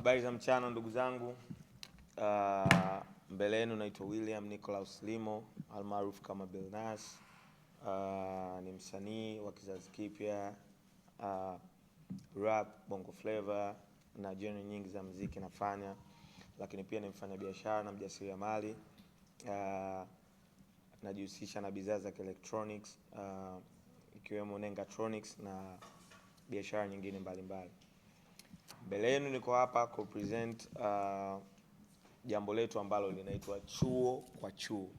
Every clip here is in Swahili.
Habari za mchana ndugu zangu. Uh, mbele yenu naitwa William Nicholaus Limo almaarufu kama Billnass. Uh, ah, ni msanii wa kizazi kipya uh, rap, bongo flava na genre nyingi za muziki nafanya, lakini pia ni mfanyabiashara na mjasiriamali. Uh, najihusisha na bidhaa za electronics uh, ikiwemo Nengatronics na biashara nyingine mbalimbali mbali. Mbele yenu niko hapa ku present uh, jambo letu ambalo linaitwa chuo kwa chuo.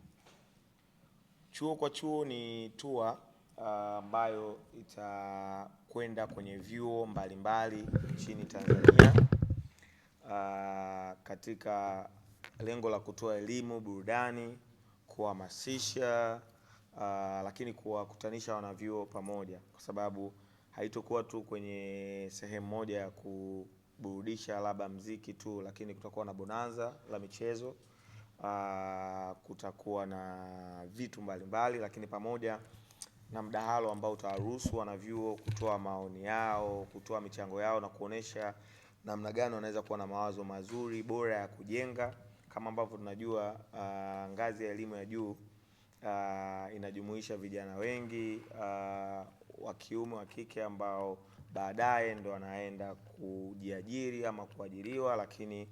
Chuo kwa chuo ni tour uh, ambayo uh, itakwenda kwenye vyuo mbalimbali nchini Tanzania uh, katika lengo la kutoa elimu, burudani, kuhamasisha uh, lakini kuwakutanisha wanavyuo pamoja kwa sababu haitokuwa tu kwenye sehemu moja ya ku burudisha labda mziki tu, lakini kutakuwa na bonanza la michezo uh, kutakuwa na vitu mbalimbali, lakini pamoja na mdahalo ambao utawaruhusu wanavyuo kutoa maoni yao, kutoa michango yao na kuonesha namna gani wanaweza kuwa na mawazo mazuri bora ya kujenga. Kama ambavyo tunajua uh, ngazi ya elimu ya juu uh, inajumuisha vijana wengi uh, wa kiume wa kike ambao baadaye ndo anaenda kujiajiri ama kuajiriwa, lakini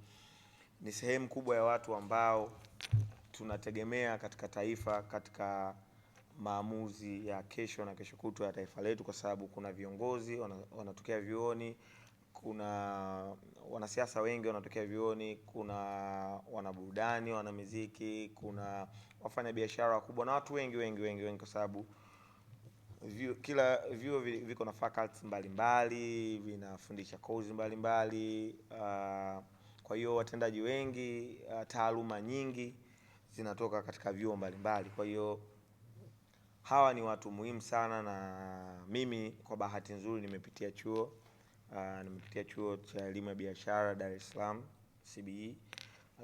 ni sehemu kubwa ya watu ambao tunategemea katika taifa, katika maamuzi ya kesho na kesho kutwa ya taifa letu, kwa sababu kuna viongozi wanatokea vyuoni, kuna wanasiasa wengi wanatokea vyuoni, kuna wanaburudani, wanamiziki kuna wafanyabiashara wakubwa na watu wengi wengi wengi wengi, kwa sababu vyuo, kila vyuo viko na faculty mbalimbali vinafundisha course mbalimbali uh, Kwa hiyo watendaji wengi, uh, taaluma nyingi zinatoka katika vyuo mbalimbali. Kwa hiyo hawa ni watu muhimu sana, na mimi kwa bahati nzuri nimepitia chuo uh, nimepitia chuo cha elimu ya biashara Dar es Salaam CBE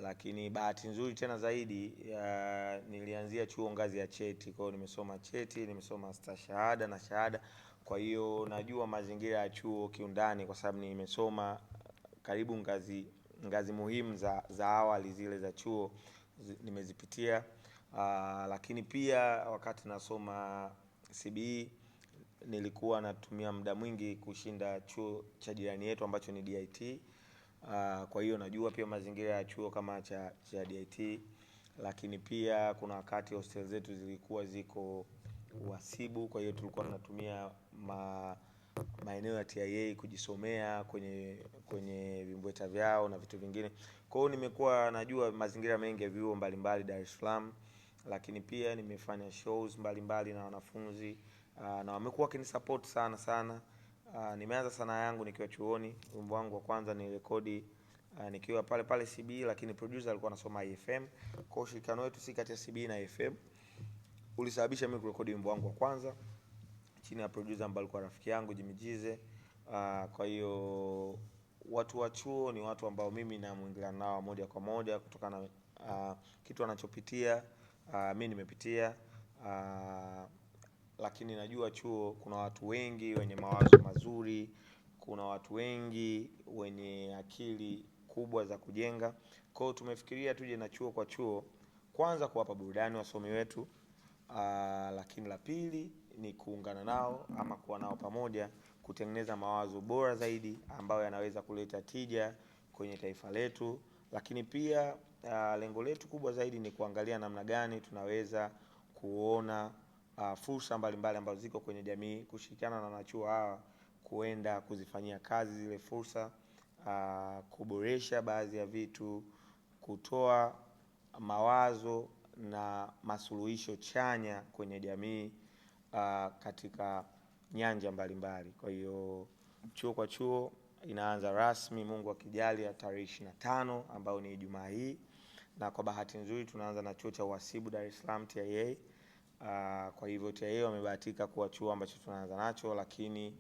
lakini bahati nzuri tena zaidi ya, nilianzia chuo ngazi ya cheti. Kwa hiyo nimesoma cheti, nimesoma stashahada na shahada, kwa hiyo najua mazingira ya chuo kiundani, kwa sababu nimesoma karibu ngazi ngazi muhimu za, za awali zile za chuo nimezipitia. lakini pia wakati nasoma CBE nilikuwa natumia muda mwingi kushinda chuo cha jirani yetu ambacho ni DIT. Uh, kwa hiyo najua pia mazingira ya chuo kama cha, cha DIT, lakini pia kuna wakati hostel zetu zilikuwa ziko uhasibu, kwa hiyo tulikuwa tunatumia ma, maeneo ya TIA kujisomea kwenye kwenye vimbweta vyao na vitu vingine. Kwa hiyo nimekuwa najua mazingira mengi ya vyuo mbalimbali Dar es Salaam, lakini pia nimefanya shows mbalimbali mbali na wanafunzi uh, na wamekuwa wakinisupport sana sana. Uh, nimeanza sanaa yangu nikiwa chuoni. Wimbo wangu wa kwanza ni rekodi uh, ah, nikiwa pale pale CB, lakini producer alikuwa anasoma IFM. Kwa ushirikiano wetu si kati ya CB na IFM ulisababisha mimi kurekodi wimbo wangu wa kwanza chini ya producer ambaye alikuwa rafiki yangu Jimmy Jize. Uh, ah, kwa hiyo watu wa chuo ni watu ambao mimi na mwingiliano nao moja kwa moja kutokana na uh, kitu anachopitia uh, mimi nimepitia uh, lakini najua chuo kuna watu wengi wenye mawazo mazuri, kuna watu wengi wenye akili kubwa za kujenga. Kwa hiyo tumefikiria tuje na chuo kwa chuo, kwanza kuwapa burudani wasomi wetu aa, lakini la pili ni kuungana nao ama kuwa nao pamoja kutengeneza mawazo bora zaidi ambayo yanaweza kuleta tija kwenye taifa letu, lakini pia aa, lengo letu kubwa zaidi ni kuangalia namna gani tunaweza kuona uh, fursa mbalimbali ambazo ziko kwenye jamii, kushirikiana na wanachuo hawa kuenda kuzifanyia kazi zile fursa uh, kuboresha baadhi ya vitu, kutoa mawazo na masuluhisho chanya kwenye jamii uh, katika nyanja mbalimbali. Kwa hiyo chuo kwa chuo inaanza rasmi, Mungu akijali, ya tarehe ishirini na tano ambayo ni Ijumaa hii, na kwa bahati nzuri tunaanza na chuo cha uhasibu Dar es Salaam TIA Ah, kwa hivyo TAA wamebahatika kuwa chuo ambacho tunaanza nacho, lakini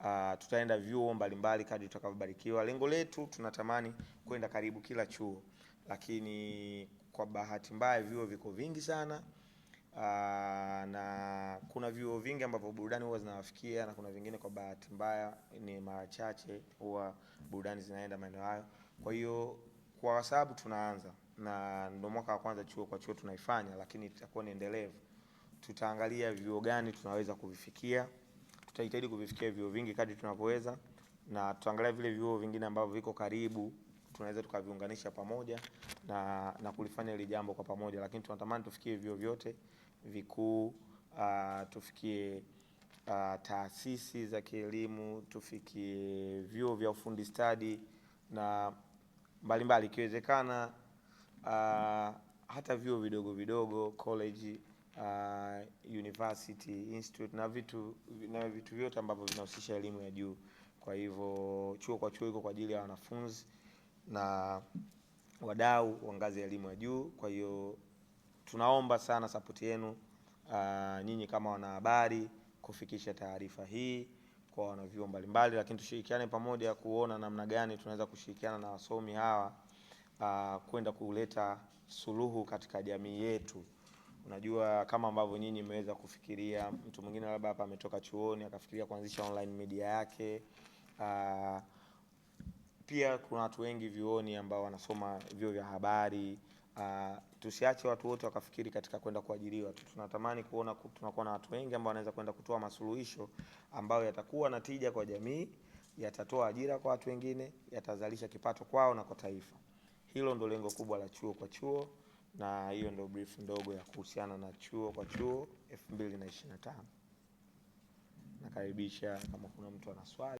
uh, tutaenda vyuo mbalimbali kadri tutakavyobarikiwa. Lengo letu tunatamani kwenda karibu kila chuo, lakini kwa bahati mbaya vyuo viko vingi sana. Uh, na kuna vyuo vingi ambavyo burudani huwa zinawafikia na kuna vingine kwa bahati mbaya ni mara chache huwa burudani zinaenda maeneo hayo. Kwa hiyo kwa sababu tunaanza na ndio mwaka wa kwanza chuo kwa chuo tunaifanya, lakini itakuwa ni endelevu tutaangalia vyuo gani tunaweza kuvifikia. Tutajitahidi kuvifikia vyuo vingi kadri tunavyoweza, na tutaangalia vile vyuo vingine ambavyo viko karibu tunaweza tukaviunganisha pamoja na, na kulifanya hili jambo kwa pamoja, lakini tunatamani tufikie vyuo vyote vikuu, uh, tufikie uh, taasisi za kielimu, tufikie vyuo vya ufundi stadi na mbalimbali ikiwezekana, mbali, uh, hata vyuo vidogo vidogo college uh, university institute na vitu na vitu vyote ambavyo vinahusisha elimu ya juu. Kwa hivyo chuo kwa chuo iko kwa ajili ya wanafunzi na wadau wa ngazi ya elimu ya juu. Kwa hiyo tunaomba sana sapoti yenu uh, nyinyi kama wanahabari kufikisha taarifa hii kwa wanavyuo mbalimbali, lakini tushirikiane pamoja kuona namna gani tunaweza kushirikiana na wasomi hawa uh, kwenda kuleta suluhu katika jamii yetu. Unajua kama ambavyo nyinyi mmeweza kufikiria, mtu mwingine labda hapa ametoka chuoni akafikiria kuanzisha online media yake. Uh, pia kuna watu wengi vyuoni ambao wanasoma vyuo vya habari. Uh, tusiache watu wote wakafikiri katika kwenda kuajiriwa tu. Tunatamani kuona tunakuwa na watu wengi ambao wanaweza kwenda kutoa masuluhisho ambayo yatakuwa na tija kwa jamii, yatatoa ajira kwa watu wengine, yatazalisha kipato kwao na kwa taifa. Hilo ndo lengo kubwa la chuo kwa chuo na hiyo ndio brief ndogo ya kuhusiana na chuo kwa chuo 2025. Nakaribisha kama kuna mtu ana swali.